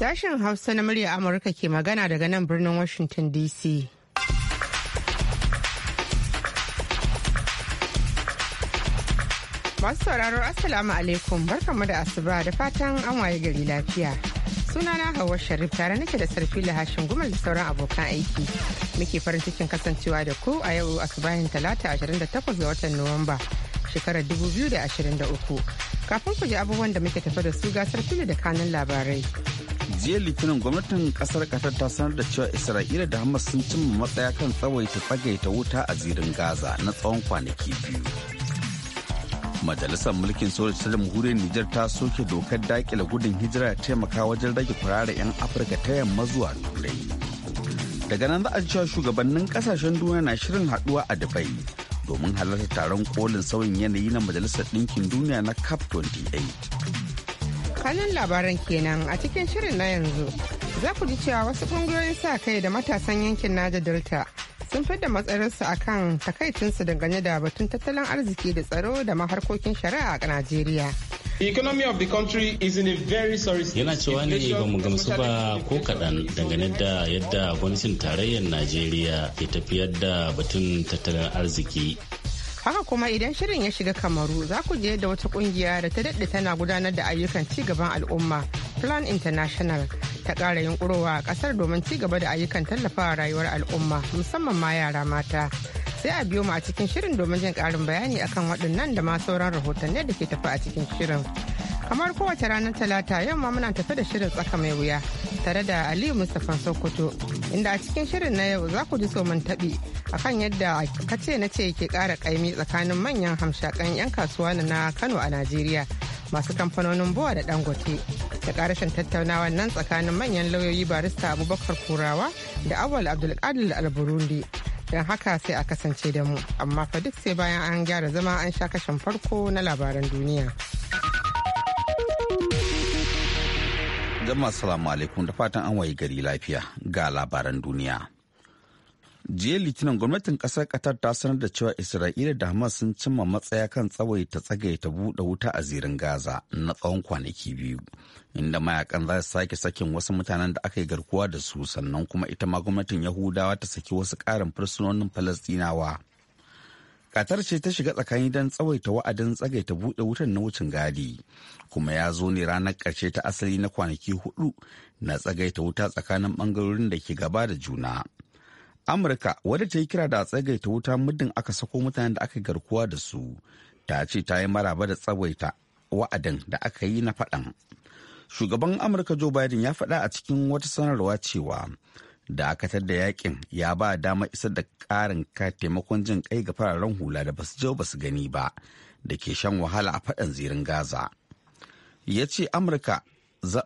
Sashen Hausa na murya Amurka ke magana daga nan birnin Washington DC. Masu sauraro Assalamu alaikum barkanmu da asuba da fatan an waye gari lafiya. Sunana Hauwa Sharif tare nake da sarfi lahashin gumal da sauran abokan aiki. Muke farin cikin kasancewa da ku a yau a bayan talata 28 ga watan Nuwamba shekarar 2023. Kafin ku ji abubuwan da muke tafa da su gasar fili da kanun labarai. jiya litinin gwamnatin kasar katar ta sanar da cewa isra'ila da hamas sun cimma matsaya kan tsawaita tsagaita wuta a zirin gaza na tsawon kwanaki biyu majalisar mulkin soja ta jamhuriyar nijar ta soke dokar dakile gudun hijira da taimaka wajen rage kurare 'yan afirka ta yamma zuwa turai daga nan za a cewa shugabannin kasashen duniya na shirin haduwa a dubai domin halarta taron kolin sauyin yanayi na majalisar ɗinkin duniya na cap 28 kanan labaran kenan a cikin shirin na yanzu za ku ji cewa wasu kungiyoyin sa kai da matasan yankin naja delta sun fidda matsayarsu a kan takaicinsu dangane da batun tattalin arziki da tsaro da maharkokin shari'a a najeriya The the country is in a Yana cewa ne ba mu gamsu ba ko kaɗan dangane da yadda gwamnatin tarayyar Najeriya ke tafiyar da batun tattalin arziki haka kuma idan shirin ya shiga kamaru za ku je da wata kungiya da ta daɗe tana gudanar da ayyukan ci gaban al'umma plan international ta ƙara yunkurowa a ƙasar domin gaba da ayyukan tallafawa rayuwar al'umma musamman ma yara mata sai a biyo mu a cikin shirin domin jin karin bayani akan waɗannan da ma sauran rahotanni da ke tafi a cikin shirin kamar kowace ranar talata yamma muna tafi da shirin tsaka mai wuya tare da aliyu mustapha sokoto inda a cikin shirin na yau za ku ji so taɓi akan yadda ce na ce ke kara kaimi tsakanin manyan hamshakan 'yan kasuwa na kano a najeriya masu kamfanonin buwa da dangote da karashin tattaunawa nan tsakanin manyan lauyoyi barista abubakar kurawa da awal abdulkadir alburundi don haka sai a kasance da mu amma fa duk sai bayan an gyara zama an sha kashen farko na labaran duniya jama'a salamu alaikum da fatan an wayi gari lafiya ga labaran duniya jiya litinin gwamnatin kasar katar ta sanar da cewa isra'ila da hamas sun cimma matsaya kan tsawaita ta buɗe wuta a zirin gaza na tsawon kwanaki biyu inda mayakan za su sake sakin wasu mutanen da aka yi garkuwa da su sannan kuma ita ma gwamnatin yahudawa ta saki wasu ƙarin fursunonin falastinawa Katar ce ta shiga tsakani don tsawaita wa'adin ta buɗe wutan na wucin gadi, kuma ya zo ne ranar ƙarshe ta asali na kwanaki hudu na tsagaita wuta tsakanin ɓangarorin da ke gaba da juna amurka wadda ta yi kira da a tsagaita wuta muddin aka sako mutanen da aka garkuwa da su ta ce ta yi maraba da tsawaita wa'adin da aka yi na faɗan shugaban amurka joe biden ya faɗa a cikin wata sanarwa cewa dakatar da yakin ya ba dama isar da ƙarin ka taimakon jin kai ga fararen hula da basu jau basu gani ba da ke shan wahala a faɗan zirin gaza ya ce amurka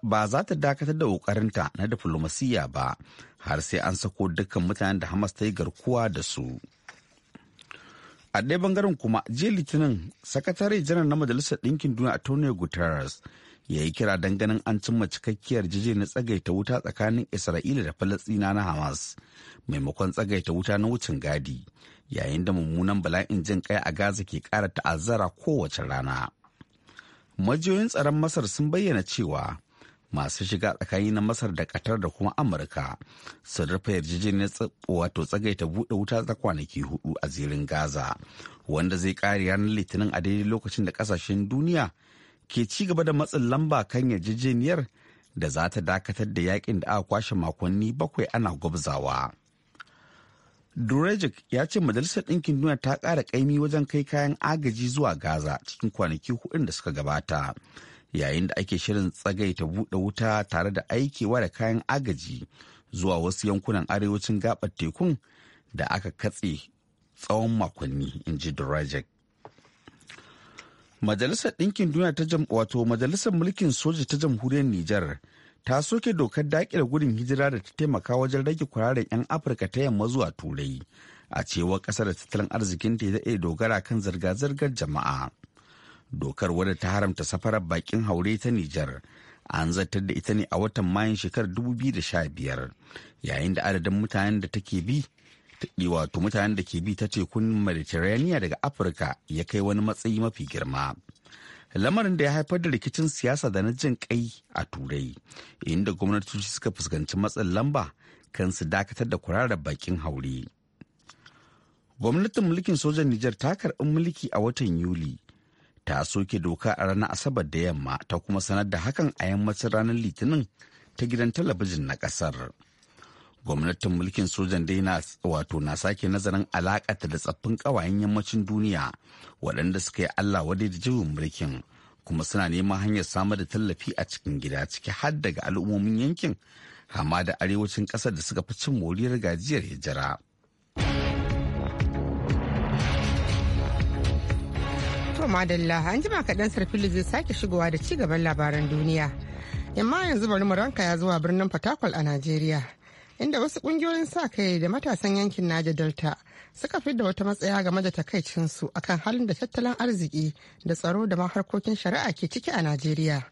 ba za ta dakatar da ƙoƙarinta na diflomasiyya ba har sai an sako dukkan mutanen da hamas ta yi garkuwa da su a ɗaya bangaren kuma jiya litinin sakatare janar na majalisar ɗinkin duniya Tony guterres ya yi kira ganin an cimma cikakkiyar jije na tsagaita wuta tsakanin isra'ila da falastina na hamas maimakon tsagaita wuta na wucin gadi yayin da mummunan bala'in jin kai a gaza ke kara ta'azzara kowace rana majiyoyin tsaron masar sun bayyana cewa masu shiga tsakani na masar da qatar da kuma amurka sun rufe yarjejeniyar wato tsagaita buɗe wuta ta kwanaki hudu a zirin gaza wanda zai kare ranar litinin a daidai lokacin da kasashen duniya ke ci gaba da matsin lamba kan yarjejeniyar da za ta dakatar da yakin da aka kwashe makonni bakwai ana gwabzawa. Durejik ya ce Majalisar Ɗinkin Duniya ta ƙara ƙaimi wajen kai kayan agaji zuwa Gaza cikin kwanaki hudun da suka gabata yayin da ake shirin tsagai ta buɗe wuta tare da aikewa da kayan agaji zuwa wasu yankunan arewacin gabar tekun da aka katse tsawon makonni in ji Durajek. Majalisar Ɗinkin Duniya ta jam wato Majalisar Mulkin Soja ta Jamhuriyar Nijar ta soke dokar daƙile gudun hijira da ta taimaka wajen rage kwararen 'yan Afirka ta yamma zuwa Turai a cewar ƙasar da tattalin arzikinta ya iya dogara kan zirga-zirgar jama'a. dokar wadda ta haramta safarar bakin haure ta Nijar an zartar da ita ne a watan mayan shekarar 2015 yayin da adadin mutanen da take bi wato mutanen da ke bi ta tekun Mediterranean daga Afirka ya kai wani matsayi mafi girma. Lamarin da ya haifar da rikicin siyasa da na jin kai a Turai, inda gwamnatoci suka fuskanci matsin lamba kan su dakatar da kurarar bakin haure. Gwamnatin mulkin sojan Nijar ta karɓi mulki a watan Yuli ta soke doka a ranar asabar da yamma ta kuma sanar da hakan a yammacin ranar litinin ta gidan talabijin na kasar gwamnatin mulkin sojan dai na wato na sake nazarin alakata da tsaffin ƙawayen yammacin duniya waɗanda suka yi allah wadai da jiwon mulkin kuma suna neman hanyar samar da tallafi a cikin gida ciki har daga al'ummomin yankin hama da arewacin ƙasar da suka fi cin moriyar gajiyar hijira. To madalla an jima kaɗan sarfili zai sake shigowa da ci gaban labaran duniya. Yamma yanzu bari mu ranka ya zuwa birnin Fatakwal a Najeriya. Inda wasu kungiyoyin sa kai da matasan yankin Naja Delta suka da wata matsaya game da takaicinsu akan halin da tattalin arziki da tsaro da ma harkokin shari'a ke ciki a Najeriya.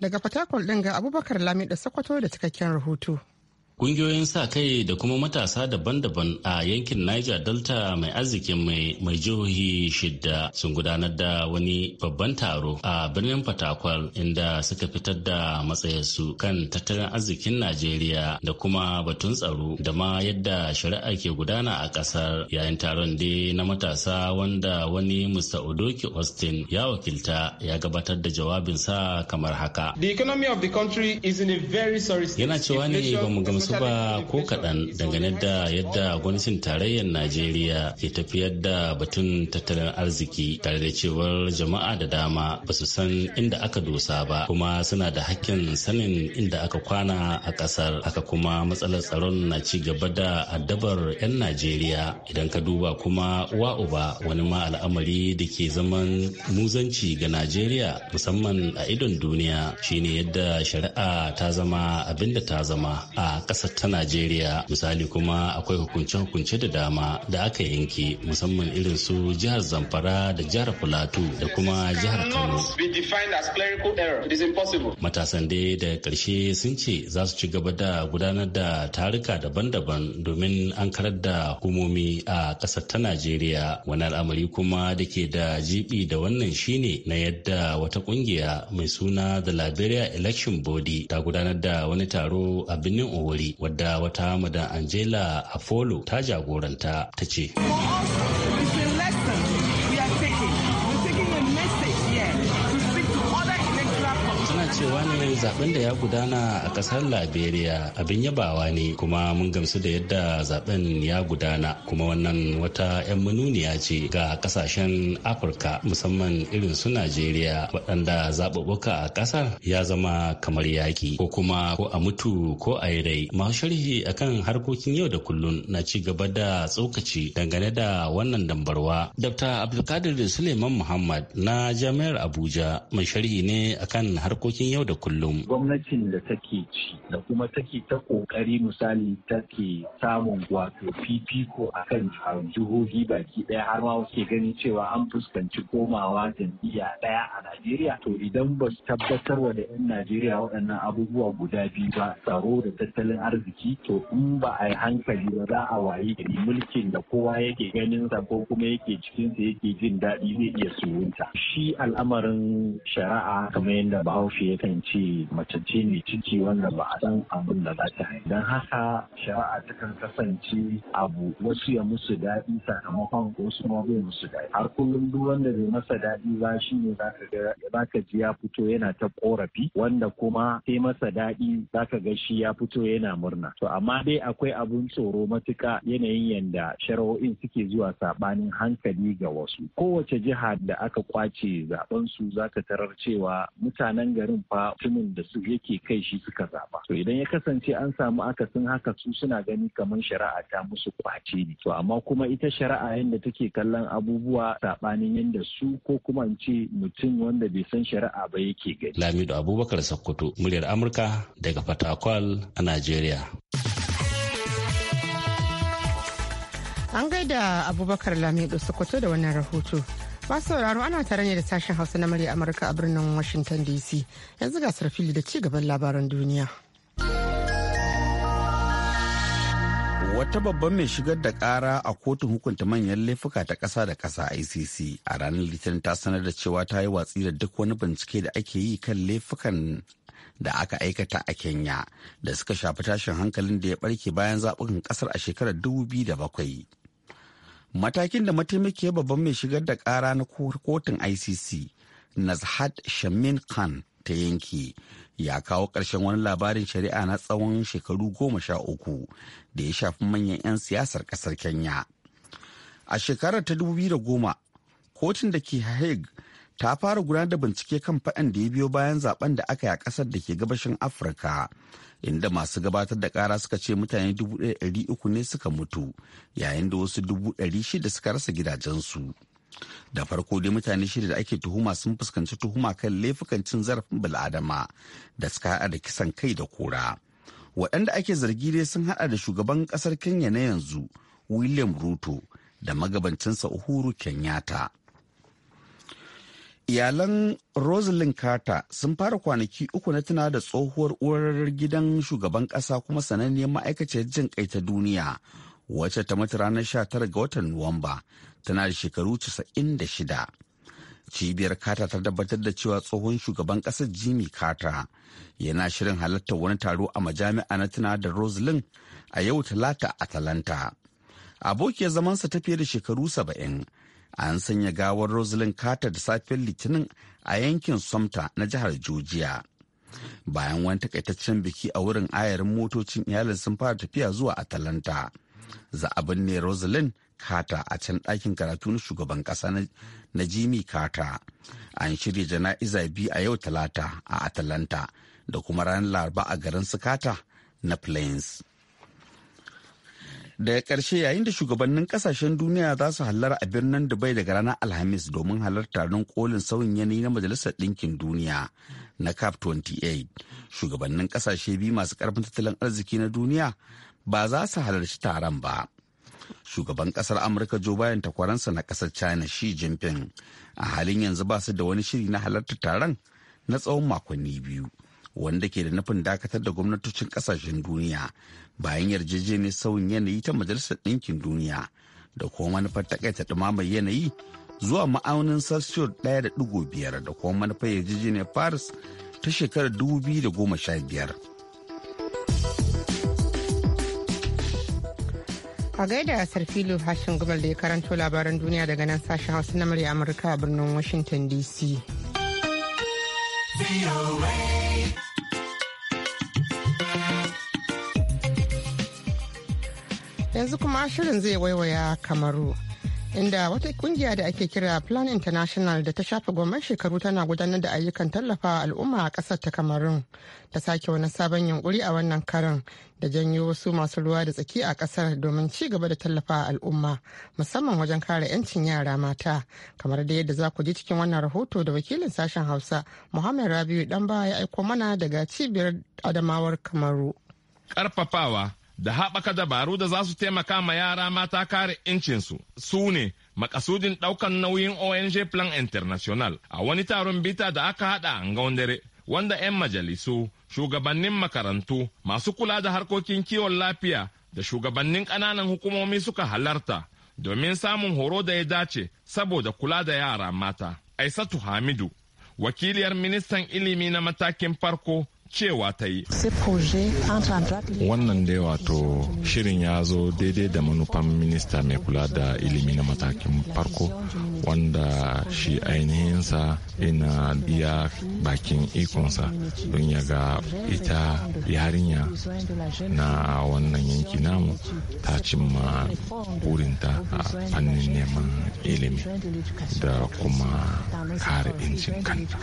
Daga Fatakwal ɗin ga Abubakar Lami da Sokoto da cikakken rahoto. Kungiyoyin sa kai da kuma matasa daban-daban a yankin Niger Delta mai arzikin mai jihohi shidda sun gudanar da wani babban taro a birnin Fatakwal inda suka fitar da matsayarsu kan tattalin arzikin Najeriya da kuma batun tsaro da ma yadda shari'a ke gudana a kasar yayin taron dai na matasa wanda wani Mr. Odoki Austin ya wakilta ya gabatar da jawabinsa kamar haka. The economy of the country is in a very sorry Yana cewa ne ba mu wasu ba ko kaɗan dangane da yadda gwamnatin tarayyar Najeriya ke tafiyar da batun tattalin arziki tare da cewar jama'a da dama ba su san inda aka dosa ba kuma suna da hakkin sanin inda aka kwana a ƙasar haka kuma matsalar tsaron na ci gaba da addabar 'yan Najeriya idan ka duba kuma uwa uba wani ma al'amari da ke zaman muzanci ga Najeriya musamman a idon duniya shine yadda shari'a ta zama abin da ta zama a ƙasar ta najeriya misali kuma akwai hukunce-hukunce da dama da aka yanke musamman irin su jihar zamfara da jihar filato da kuma jihar kano matasan dai da ƙarshe sun ce za su ci gaba da gudanar da taruka daban-daban domin an karar da hukumomi a ƙasar ta najeriya wani al'amari kuma da ke da jibi da wannan shine na yadda wata ƙungiya mai suna the liberia election body ta gudanar da wani taro a birnin owori Buhari wadda wata Madan Angela Apollo ta jagoranta ta ce. zaben da ya gudana a kasar liberia abin yabawa ne kuma mun gamsu da yadda zaben ya gudana kuma wannan wata 'yan mununiya ce ga kasashen afirka musamman irin su najeriya waɗanda zaɓuɓɓuka a ƙasar ya zama kamar yaƙi ko kuma ko a mutu ko a yi rai masu sharhi akan harkokin yau da kullun na ci gaba da tsokaci dangane da wannan dambarwa dr abdulkadir suleiman muhammad na jami'ar abuja mai sharhi ne akan harkokin yau da kullum Gwamnatin da take ci da kuma take ta kokari misali take samun wato fifiko a kan jihohi baki ɗaya har ma wake ganin cewa an fuskanci komawa jam'iyya ɗaya a Najeriya to idan ba su tabbatar wa da 'yan Najeriya waɗannan abubuwa guda biyu ba tsaro da tattalin arziki to in ba a yi hankali ba za a waye gari mulkin da kowa yake ganin sa ko kuma yake cikin sa yake jin daɗi zai iya suwunta Shi al'amarin shari'a kamar yadda Bahaushe yakan ce mace ce mai ciki wanda ba a san abin da za ta haifa don haka shari'a takan kasance abu wasu ya musu daɗi sakamakon wasu ma bai musu daɗi har kullum duk wanda bai masa daɗi ba shi ne za ka ji ya fito yana ta ƙorafi, wanda kuma sai masa daɗi za ka ga shi ya fito yana murna to amma dai akwai abun tsoro matuka yanayin yanda shari'o'in suke zuwa saɓanin hankali ga wasu kowace jiha da aka kwace zaben su za ka tarar cewa mutanen garin fa mutumin tsarin da su yake kai shi suka zaba to idan ya kasance an samu akasin haka su suna gani kamar shari'a ta musu kwace ne to amma kuma ita shari'a yadda take kallon abubuwa sabanin yadda su ko kuma in ce mutum wanda bai san shari'a ba yake gani lamido abubakar sakkwato muryar amurka daga fatakwal a najeriya an gaida abubakar lamido sokoto da wannan rahoto Masu sauraro ana tare ne da sashen Hausa na murya Amurka a birnin Washington DC. Yanzu ga fili da ci gaban labaran duniya. Wata babban mai shigar da kara a kotun hukunta manyan laifuka ta kasa da kasa ICC a ranar Litinin ta sanar da cewa ta yi watsi da duk wani bincike da ake yi kan laifukan da aka aikata a Kenya da suka shafi tashin hankalin da ya barke bayan zaɓukan kasar a shekarar 2007. matakin da mataimakiyar babban mai shigar da kara na kotun icc nazhat shamin khan ta yanke ya kawo ƙarshen wani labarin shari'a na tsawon shekaru goma sha uku da ya shafi manyan 'yan siyasar ƙasar kenya a shekarar ta 2010 kotun da ke hague ta fara gudanar da bincike kan faɗan da ya biyo bayan zaben da aka yi a ƙasar da ke gabashin afirka inda masu gabatar da kara suka ce mutane uku ne suka mutu yayin da wasu dubu shida suka rasa gidajensu da farko dai mutane shida da ake tuhuma sun fuskanci tuhuma kan laifukan cin zarafin bil'adama da suka hada da kisan kai da kura waɗanda ake zargi dai sun haɗa da shugaban ƙasar kenya na yanzu william ruto da magabancinsa uhuru kenyatta iyalan rosalind carter sun fara kwanaki uku na tuna da tsohuwar uwar gidan shugaban kasa kuma sananniyar ma'aikaciyar jin kai ta duniya wacce ta mutu ranar 19 ga watan nuwamba tana da shekaru 96 cibiyar carter ta tabbatar da cewa tsohon shugaban kasar jimmy carter yana shirin halartar wani taro a majami'a na tuna da rosalind a yau talata a Talanta abokiyar zamansa ta fiye da shekaru saba'in an sanya gawar Rosalind Carter da safiyar Litinin a yankin somta na jihar Georgia. Bayan wani takaitaccen biki a wurin ayarin motocin iyalin sun fara tafiya zuwa Atalanta. Za a binne Rosalind Carter a can ɗakin karatu na shugaban ƙasa na Jimmy Carter. An shirya jana'iza biyu a yau Talata a Atalanta da kuma ranar Laraba a garin Sukata na Plains. daga ƙarshe yayin da shugabannin ƙasashen duniya za su hallara a birnin dubai daga ranar alhamis domin halarta taron kolin sauyin yanayi na majalisar ɗinkin duniya na cap 28 shugabannin ƙasashe biyu masu ƙarfin tattalin arziki na duniya ba za su halarci taron ba shugaban ƙasar amurka joe biden takwaransa na ƙasar china shi jinping a halin yanzu ba su da wani shiri na halartar taron na tsawon makonni biyu wanda ke da nufin dakatar da gwamnatocin kasashen duniya bayan yarjejeniyar sauyin yanayi ta majalisar ɗinkin duniya da kuma manufar takaita ɗumamar yanayi zuwa ma'aunin celsius ɗaya da biyar da kuma manufar yarjejeniyar paris ta shekarar da goma sha biyar. a gaida sarfilu hashin gumal da ya karanto labaran duniya daga nan sashen hausa na murya amurka a birnin washington dc yanzu kuma shirin zai waiwaya kamaru inda wata kungiya da ake kira plan international da ta shafe gwamnan shekaru tana gudanar da ayyukan tallafa al'umma a kasar ta kamarun ta sake wani sabon yunkuri a wannan karin da janyo wasu masu ruwa da tsaki a kasar domin ci gaba da tallafa al'umma musamman wajen kare 'yancin yara mata kamar da yadda za ku ji cikin wannan rahoto da wakilin sashen hausa muhammad rabiu dan ya aiko mana daga cibiyar adamawar kamaru karfafawa da haɓaka dabaru da za su taimaka ma yara mata kare incinsu. su ne makasudin ɗaukan nauyin ONG Plan International a wani taron bita da aka haɗa a gaundare wanda 'yan majalisu, shugabannin makarantu, masu kula da harkokin kiwon lafiya da shugabannin ƙananan hukumomi suka halarta domin samun horo da ya dace saboda kula da yara mata. Aisatu Hamidu, wakiliyar ministan ilimi na matakin farko cewa ta yi. Wannan dai wato shirin ya zo daidai da manufan minista mai kula da ilimi na matakin farko wanda shi ainihinsa ina iya bakin ikonsa don ya ga ita yarinya na wannan yanki namu ta cimma burinta a fannin neman ilimi da kuma kare 'yancin kanta.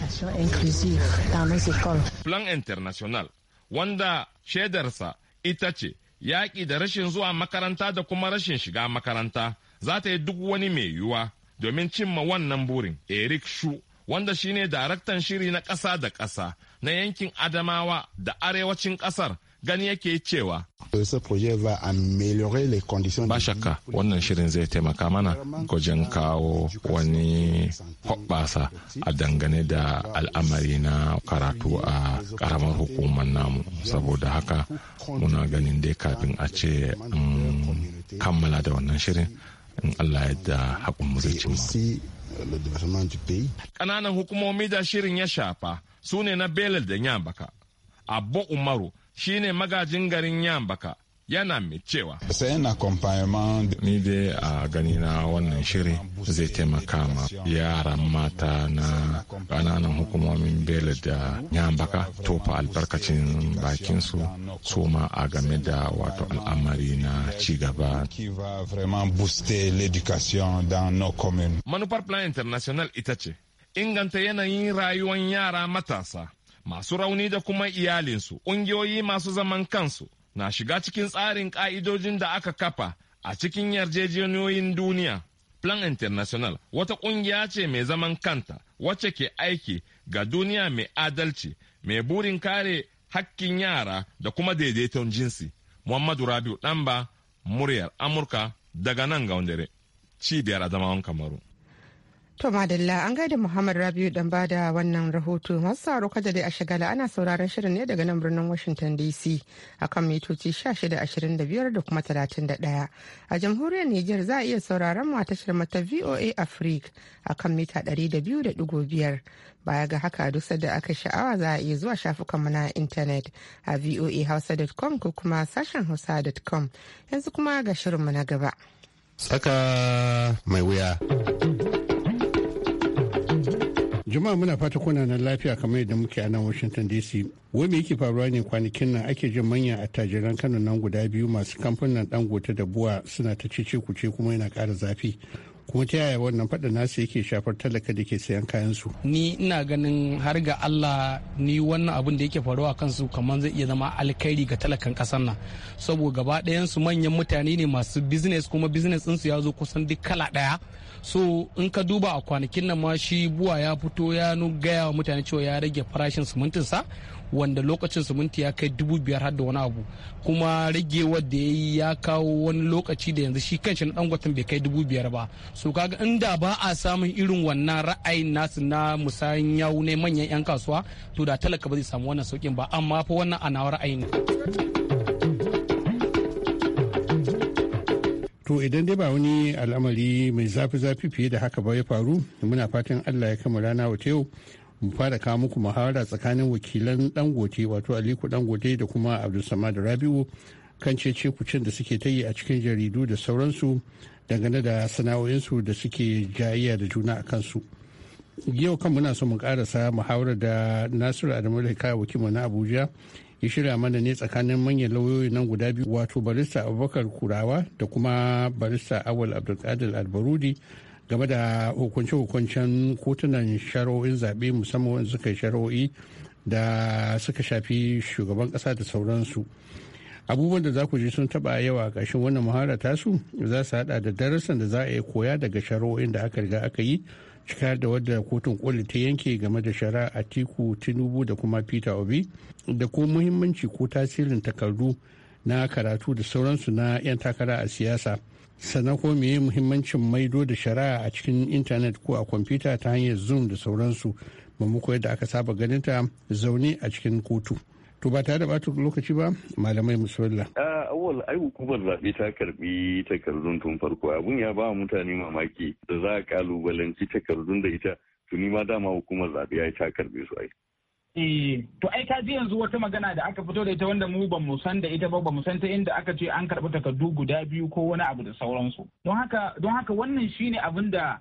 Plan International, wanda shaidarsa ita ce yaƙi da rashin zuwa makaranta da kuma rashin shiga makaranta za ta yi duk wani mai yiwuwa domin cimma wannan burin. Eric Shu, wanda shine daraktan shiri na ƙasa da ƙasa na yankin Adamawa da arewacin ƙasar gani yake cewa ba shakka wannan shirin zai taimaka mana gwajin kawo wani hoɓɓasa a dangane da al'amari na karatu a karamar hukumar namu saboda haka muna ganin dai kafin a ce kammala da wannan shirin in allah ya da mu zai euh, ƙananan hukumomi da shirin ya shafa su ne na belal da nyambaka abba umaru shine magajin garin Yambaka. yana mai cewa. Ni dai a gani na wannan shiri zai taimaka ma yaran mata na ƙananan hukumomin Bela da Yambaka tofa albarkacin bakinsu su ma a game da wato al'amari na cigaba. Manufar Plan International ita ce, inganta yanayin rayuwar yara matasa. masu rauni da kuma iyalinsu ƙungiyoyi masu zaman kansu na shiga cikin tsarin ƙa'idojin da aka kafa a cikin yarjejeniyoyin duniya plan international wata ƙungiya ce mai zaman kanta wacce ke aiki ga duniya mai adalci mai burin kare hakkin yara da kuma daidaiton jinsi muhammadu rabiu ɗanba muryar amurka daga nan ga wandere cibiyar adamawan kamaru To Madalla an gaida Muhammad Rabiu dan bada wannan rahoto masu sauraro kada dai a shagala ana sauraron shirin ne daga nan birnin Washington DC akan mitoci 1625 da kuma 31. A jamhuriyar Nijar za a iya sauraron mu a tashar mata VOA Africa akan mita 200.5. Baya ga haka duk da aka sha'awa za a iya zuwa shafukanmu na intanet a voahausa.com ko kuma sashen hausa.com yanzu kuma ga shirinmu na gaba. Tsaka mai wuya. Jama'a muna fata kuna nan lafiya kamar yadda muke a nan Washington DC. Wai me yake faruwa ne kwanakin nan ake jin manya attajiran Kano nan guda biyu masu kamfanin Dangote da Buwa suna ta cece kuce kuma yana ƙara zafi. kuma ta yaya wannan faɗa nasu yake shafar talaka da ke sayan kayan su ni ina ganin har ga Allah ni wannan abin da yake faruwa kansu kamar zai iya zama alkairi ga talakan ƙasar nan saboda gaba ɗayan su manyan mutane ne masu business kuma business ɗinsu ya zo kusan duk kala ɗaya so in ka duba a kwanakin nan ma shi buwa ya fito ya gaya wa mutane cewa ya rage farashin simintinsa wanda lokacin siminti ya kai dubu biyar har da wani abu kuma ragewar da ya yi ya kawo wani lokaci da yanzu shi kanshi na dangoten bai kai dubu biyar ba so kaga inda ba a samun irin wannan ra'ayin nasu na musayin yawu ne manyan yan kasuwa to da talaka ba zai samu wannan saukin ba amma fa wannan ana ra'ayin To idan dai ba wani al'amari mai zafi-zafi fiye da haka ba ya faru, muna fatan Allah ya kama rana wata yau mu fara kawo muku muhawara tsakanin wakilan dangote wato aliko dangote da kuma abdulsamad rabiu kan cece kucin da suke ta yi a cikin jaridu da sauransu dangane da sana'o'insu da suke jayayya da juna a kansu yau kan muna so mu karasa muhawarar da nasiru adamu da kawo wakilmu na abuja ya shirya mana ne tsakanin manyan lauyoyi nan guda biyu wato barista abubakar kurawa da kuma barista awal abdulkadir albarudi game da hukunce-hukuncen kotunan shari'o'in zaɓe musamman suka yi shari'o'i da suka shafi shugaban ƙasa da sauransu abubuwan da za ku ji sun taɓa yawa ƙarshen wannan muhara tasu za su haɗa da darasin da za a yi koya daga shari'o'in da aka riga aka yi cika da wadda kotun koli ta yanke game da shari'a tiku tinubu da kuma peter obi da ko muhimmanci ko tasirin takardu na karatu da sauransu na 'yan takara a siyasa sannan ko meye muhimmancin maido da shari'a a cikin intanet ko a kwamfuta ta hanyar zoom da sauransu maimako yadda aka saba ganin ta zaune a cikin kotu to ba tare da bata lokaci ba malamai musulla awal ah, ai hukumar zaɓe ta karbi takardun tun farko abun ya ba mutane mamaki da za a kalubalanci takardun da ita tuni ma dama hukumar zaɓe ya ta karbe su ai Eh, to ai ka ji yanzu wata magana da aka fito da ita wanda mu ba mu san da ita ba ba mu san ta inda aka ce an karɓi takardu guda biyu ko wani abu da sauransu. Don haka don haka wannan shine abin da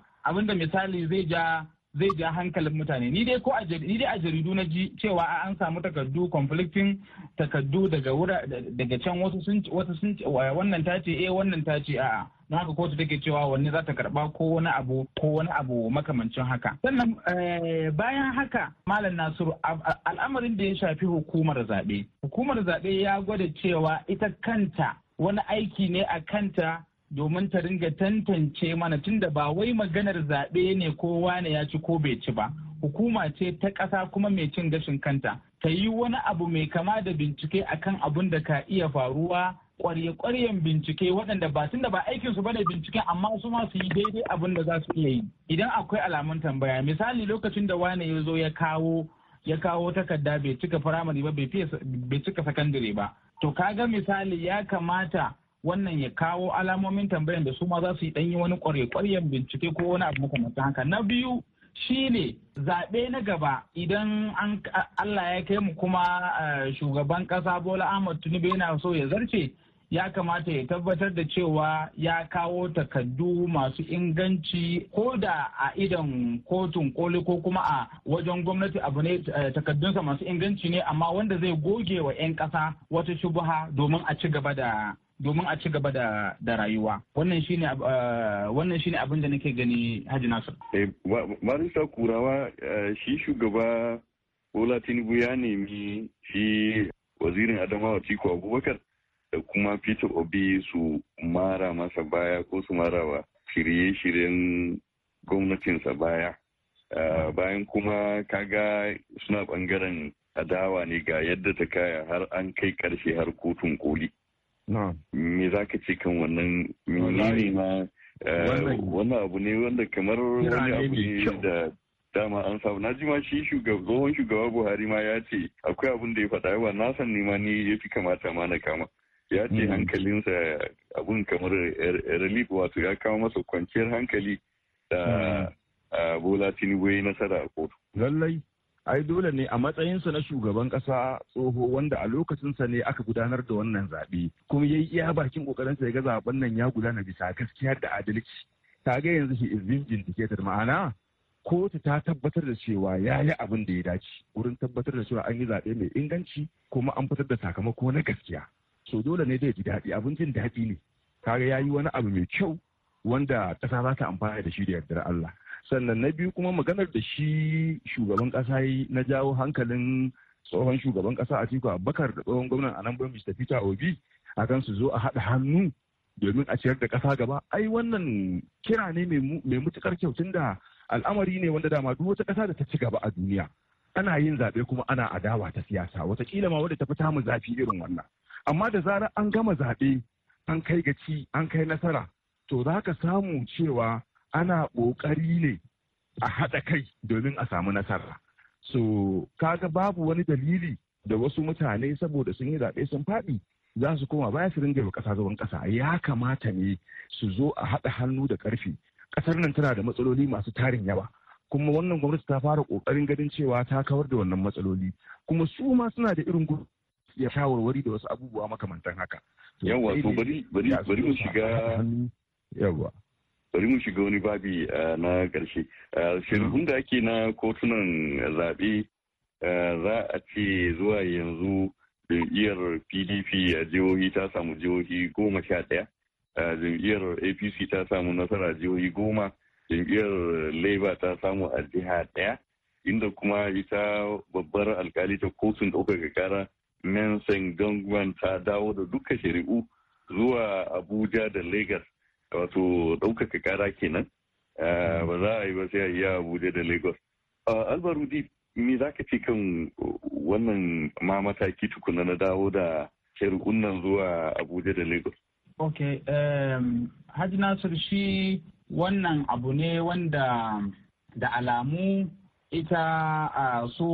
misali zai ja zai ja hankalin mutane. Ni dai ko a ni dai a jaridu na ji cewa an samu takardu conflicting takardu daga wura daga can wasu sun wasu sun wannan ta eh wannan ta a'a. na haka kotu take cewa wanne za ta karba ko wani abu ko wani abu makamancin haka sannan eh, bayan haka malam nasiru al'amarin da ya shafi hukumar zaɓe hukumar zaɓe ya gwada cewa ita kanta wani aiki ne a kanta domin ta ringa tantance mana tunda ba wai maganar zaɓe ne kowa ne ya ci ko bai ci ba hukuma ce ta ƙasa kuma mai cin gashin kanta ta yi wani abu mai kama da bincike akan abun da ka iya faruwa kwarye-kwaryen bincike waɗanda ba tun da ba aikin su bane binciken amma su ma su yi daidai abin da za su iya yi idan akwai alamun tambaya misali lokacin da wane ya zo ya kawo ya kawo takarda bai cika firamare ba bai cika sakandare ba to ka ga misali ya kamata wannan ya kawo alamomin tambayan da su ma za su yi ɗanyi wani kwarye-kwaryen bincike ko wani abu makamancin haka na biyu shine zaɓe na gaba idan Allah ya kai mu kuma eh, shugaban ƙasa Bola Ahmad Tinubu yana so ya zarce ya kamata ya tabbatar da cewa ya kawo takaddu masu inganci ko da a idan kotun koli ko kuma a wajen gwamnati abu ne eh, takaddunsa masu inganci ne amma wanda zai goge wa 'yan ƙasa wata shubuha domin a ci gaba da domin a ci gaba da, da rayuwa wannan shine eh, wannan shine abin da nake gani Haji Nasir eh Marisa Kurawa eh, shi shugaba Bola Tinubu ya nemi shi wazirin Adamawa Tiko Abubakar da kuma Peter Obi su mara masa baya ko su mara wa shirye-shiryen gwamnatinsa baya. Ah, bayan kuma kaga suna bangaren adawa ne ga yadda ta kaya har an kai karshe har kotun koli. Me za ka ce kan wannan menene ma eh, wannan abu ne wanda kamar wani abu ne da dama an samu na ji ma shi shugaban shugaba buhari ma ya ce akwai abin da ya faɗa yawa na san nema ne ya fi kamata ma na kama ya ce mm. hankalinsa abun kamar er, er, relief wato ya kawo masa kwanciyar hankali da mm. bola tinubu ya yi nasara a kotu lallai ai dole ne a matsayinsa na shugaban kasa tsoho wanda a lokacinsa ne aka gudanar da wannan zaɓe kuma ya yi iya bakin ƙoƙarinsa ya ga zaɓen nan ya gudana bisa gaskiya da adalci ta ga yanzu shi izinin being ma'ana kotu ta tabbatar da cewa ya yi abin da ya dace wurin tabbatar da cewa an yi zaɓe mai inganci kuma an fitar da sakamako na gaskiya so dole ne zai ji daɗi abin jin daɗi ne kaga ya yi wani abu mai kyau wanda ƙasa za ta amfana da shi da yardar Allah sannan na biyu kuma maganar da shi shugaban ƙasa yi na jawo hankalin tsohon shugaban ƙasa a cikin Abubakar da tsohon gwamnan Anambra Mr. Peter Obi akan su zo a haɗa hannu domin a ciyar da ƙasa gaba ai wannan kira ne mai mutukar kyau da al'amari ne wanda dama duk wata ƙasa da ta ci gaba a duniya ana yin zaɓe kuma ana adawa ta siyasa watakila ma wadda ta fi tamu zafi irin wannan amma da zarar an gama zaɓe an kai gaci, an kai nasara to za ka samu cewa ana ƙoƙari ne a haɗa kai domin a samu nasara so kaga babu wani dalili da wasu mutane saboda sun yi zaɓe sun faɗi za su koma baya su ringa ƙasa zuwan ƙasa ya kamata ne su zo a haɗa hannu da ƙarfi ƙasar nan tana da matsaloli masu tarin yawa kuma wannan gwamnati ta fara ƙoƙarin ganin cewa ta kawar da wannan matsaloli kuma su ma suna da irin gudu. ya shawarwari da wasu abubuwa makamantan haka yawwa to bari mu shiga yawwa. bari mu shiga wani babi eh, na ƙarshe eh, shirin mm. da ake na kotunan zaɓe eh, za a ce zuwa yanzu jam'iyyar pdp a jihohi ta samu jihohi goma sha ɗaya jam'iyyar apc ta samu nasara jihohi goma jam'iyyar labour ta samu a jiha ɗaya inda kuma ita babbar alkali ta kotun ɗaukaka kara Nelson Gangwan ta dawo da duka shari'u zuwa Abuja da Lagos wato ɗaukaka kara kenan eh, ba za a yi ba sai a yi Abuja da Lagos. Eh, Albarudi me za ka ce kan wannan ma mataki tukuna na dawo da shari'un nan zuwa Abuja da Lagos? Ok, um, Hajji Nasir shi wannan abu ne wanda da alamu ita a su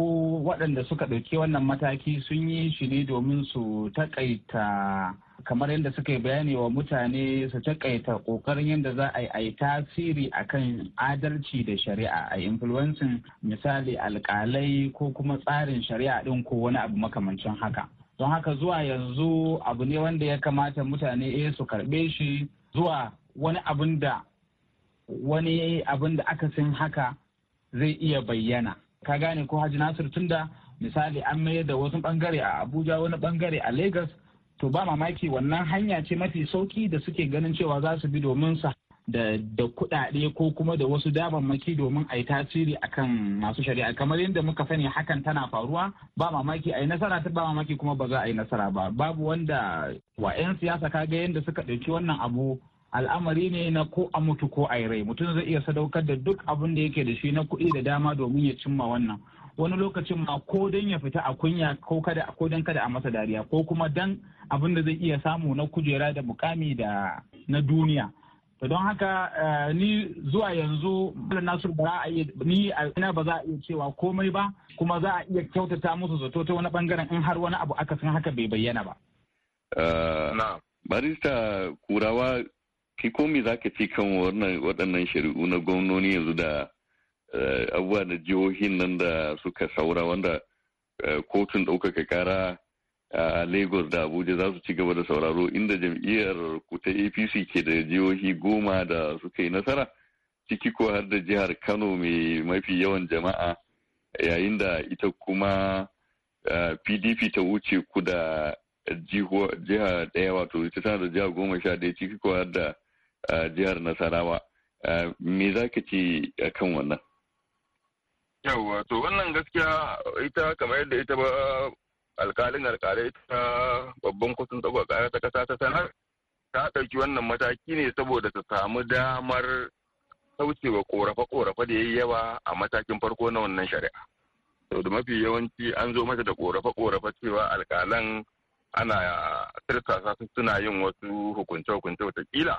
waɗanda suka ɗauki wannan mataki sun yi shi ne domin su takaita kamar yadda suka yi bayani wa mutane su takaita ƙoƙarin yadda za a yi tasiri a kan adalci da shari'a a influencing misali alƙalai ko kuma tsarin shari'a ɗin ko wani abu makamancin haka don haka zuwa yanzu abu ne wanda ya kamata mutane eh su karɓe shi zuwa wani abin da wani abin da aka san haka zai iya bayyana ka gane ko haji nasir tunda misali an mayar da wasu bangare a abuja wani bangare a lagos to ba mamaki wannan hanya ce mafi sauki da suke ganin cewa za su bi domin sa da, kuɗaɗe ko kuma da wasu damammaki domin a yi tasiri akan masu shari'a kamar yadda muka sani hakan tana faruwa ba mamaki a yi nasara ta ba mamaki kuma ba za a yi nasara ba babu wanda wa 'yan siyasa ka ga yadda suka ɗauki wannan abu al'amari ne na ko a mutu ko a yi rai mutum zai iya sadaukar da duk abin da yake da shi na kuɗi da dama domin ya cimma wannan wani lokacin ma ko don ya fita a kunya ko kada ko don kada a masa dariya ko kuma dan abin da zai iya samu na kujera da mukami da na duniya to don haka eh, ni zuwa yanzu malam Nasiru ba za a iya ni ina ba za a iya cewa komai ba kuma za a iya kyautata musu zato ta wani bangaren in har wani abu aka san haka bai bayyana ba eh, barista kurawa Ki komi za ka ci kan waɗannan shari'u na gwamnoni yanzu da eh, abubuwa da jihohin nan da suka saura wanda eh, kotun ɗaukaka kara a Lagos da Abuja za su ci gaba da sauraro inda jam'iyyar ku ta APC ke da jihohi goma da suka yi nasara ciki ko har da jihar Kano mai mafi yawan jama'a yayin da ita kuma PDP eh, ta wuce ku da jiha ɗaya wato ita tana da jiha goma sha ɗaya ciki ko har da Eh, jihar Nasarawa. Eh, me za ka ce a kan wannan? Yawwa, to wannan gaskiya ita kamar yadda ita ba alkalin alkalai ta babban kusan tsakwa kara ta kasa ta sanar ta ɗauki wannan mataki ne saboda ta samu damar kaucewa korafe-korafe da ya yi yawa a matakin farko na wannan shari'a. Sau da mafi yawanci an zo mata da korafe-korafe cewa alkalan ana tirsasa suna yin wasu hukunce-hukunce watakila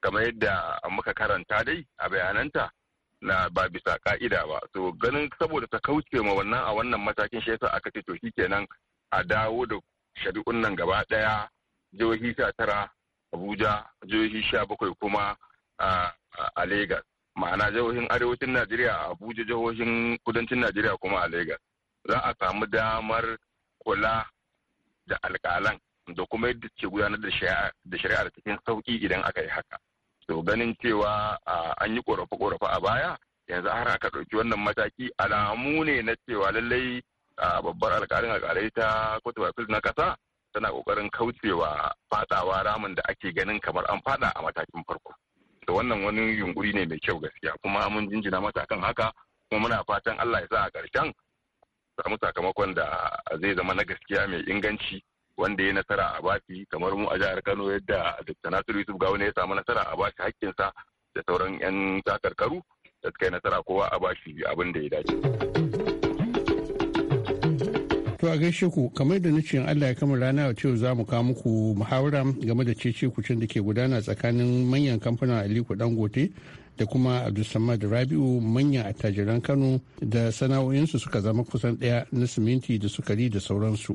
kamar yadda muka karanta dai a bayananta na ba bisa ka'ida ba to ganin saboda ta kauce ma wannan a wannan matakin shi yasa aka ce to kenan a dawo da shari'un nan gaba daya jihohi sha tara abuja jihohi sha bakwai kuma a lagos ma'ana jihohin arewacin najeriya a abuja jihohin kudancin najeriya kuma a lagos za a samu damar kula da alkalan da kuma yadda ke gudanar da shari'ar cikin sauki idan aka yi haka to ganin cewa an yi korafe-korafe a baya yanzu har aka ɗauki wannan mataki alamu ne na cewa lallai babbar alkalin alkalai ta kotu na ƙasa, tana kokarin kaucewa fadawa ramin da ake ganin kamar an fada a matakin farko da wannan wani yunkuri ne mai kyau gaskiya kuma mun jinjina matakan haka kuma muna fatan Allah ya sa a ƙarshen samu sakamakon da zai zama na gaskiya mai inganci wanda ya nasara a bashi kamar mu a jihar Kano yadda Dr. Nasiru Yusuf Gawuna ya samu nasara a bashi sa da sauran 'yan takarkaru da suka yi nasara kowa a bashi abin da ya dace. To a gaishe ku kamar da nacin Allah ya kama rana a cewa za mu kawo muku muhawara game da cece kucin da ke gudana tsakanin manyan kamfanin Aliko Dangote da kuma Abdulsamad Rabi'u manyan attajiran Kano da sana'o'insu suka zama kusan daya na siminti da sukari da sauransu.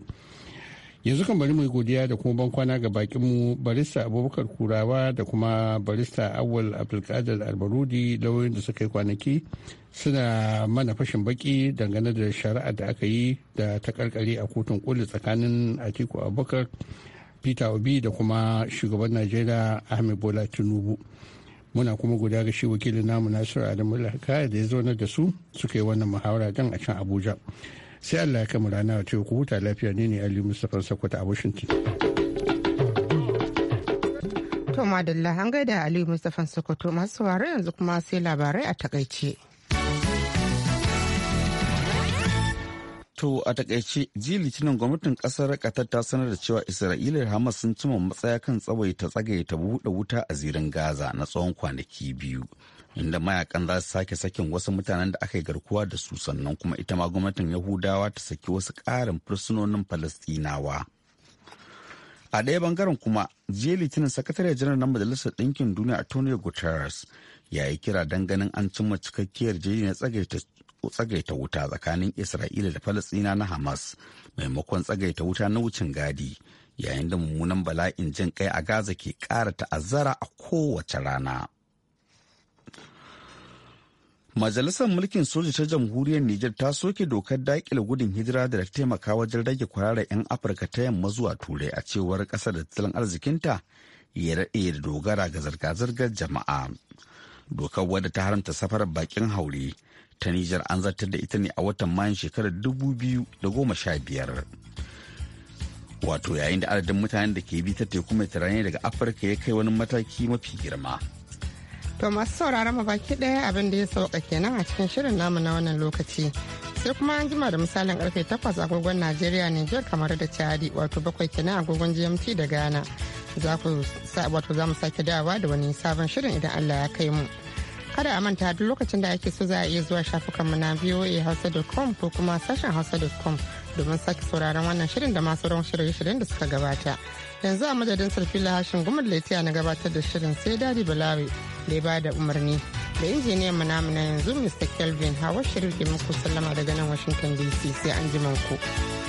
yanzu kan bari mu godiya da kuma bankwana ga bakinmu barista abubakar kurawa da kuma barista awal abdulkadir albarudi lauyoyin da suka yi kwanaki suna mana fashin baki dangane da shari'a da aka yi da ta karkare a kotun koli tsakanin atiku abubakar peter obi da kuma shugaban najeriya ahmed bola tinubu muna kuma guda ga shi wakilin namu nasiru adamu da ya zo da su suka yi wannan muhawara don a can abuja sai allah ya kama rana a ku huta lafiya ne ne aliyu mustapha Sokoto a washington to madalla an gaida aliyu mustapha sokoto masu sauraro yanzu kuma sai labarai a takaice To a takaice ji litinin gwamnatin kasar Qatar ta sanar da cewa Isra'ila da Hamas sun cima matsaya kan tsawaita ta buɗe wuta a zirin Gaza na tsawon kwanaki biyu. inda mayakan za su sake sakin wasu mutanen da aka yi garkuwa da su sannan kuma ita ma gwamnatin yahudawa ta saki wasu ƙarin fursunonin falastinawa a ɗaya bangaren kuma jiya litinin sakatare janar na majalisar ɗinkin duniya antonio guterres ya yi kira don ganin an cimma cikakkiyar jeji na tsagaita wuta tsakanin isra'ila da falastina na hamas maimakon tsagaita wuta na wucin gadi yayin da mummunan bala'in jin kai a gaza ke ƙara ta'azzara a kowace rana. Majalisar mulkin soja ta jamhuriyar Nijar ta soke dokar daƙile gudun hijira da taimaka wajen rage kwararar 'yan Afirka ta yamma zuwa Turai a cewar ƙasar da tattalin arzikinta ya raɗe da dogara ga zirga-zirgar jama'a. Dokar wadda ta haramta safarar bakin haure ta Nijar an zartar da ita ne a watan Mayun shekarar 2015. Wato yayin da adadin mutanen da ke bi ta teku mai daga Afirka ya kai wani mataki mafi girma. To masu sauraron mu baki ɗaya abin da ya sauka kenan a cikin shirin namu na wannan lokaci. Sai kuma an jima da misalin karfe 8 agogon Najeriya Nijar kamar da Chadi wato bakwai kenan agogon GMT da Ghana. Za ku wato za mu sake dawa da wani sabon shirin idan Allah ya kai mu. kada a manta duk lokacin da ake so za a iya zuwa shafukan shafukanmu na voahausa.com ko kuma sashen hausa.com domin sake sauraron wannan shirin da masu ran shirye-shiryen da suka gabata yanzu a madadin sarfi lahashin gumar laitiya na gabatar da shirin sai dadi balawi da ya da umarni da injiniyan mu yanzu mr kelvin hawa shirin ke muku sallama daga nan washington dc sai an ku.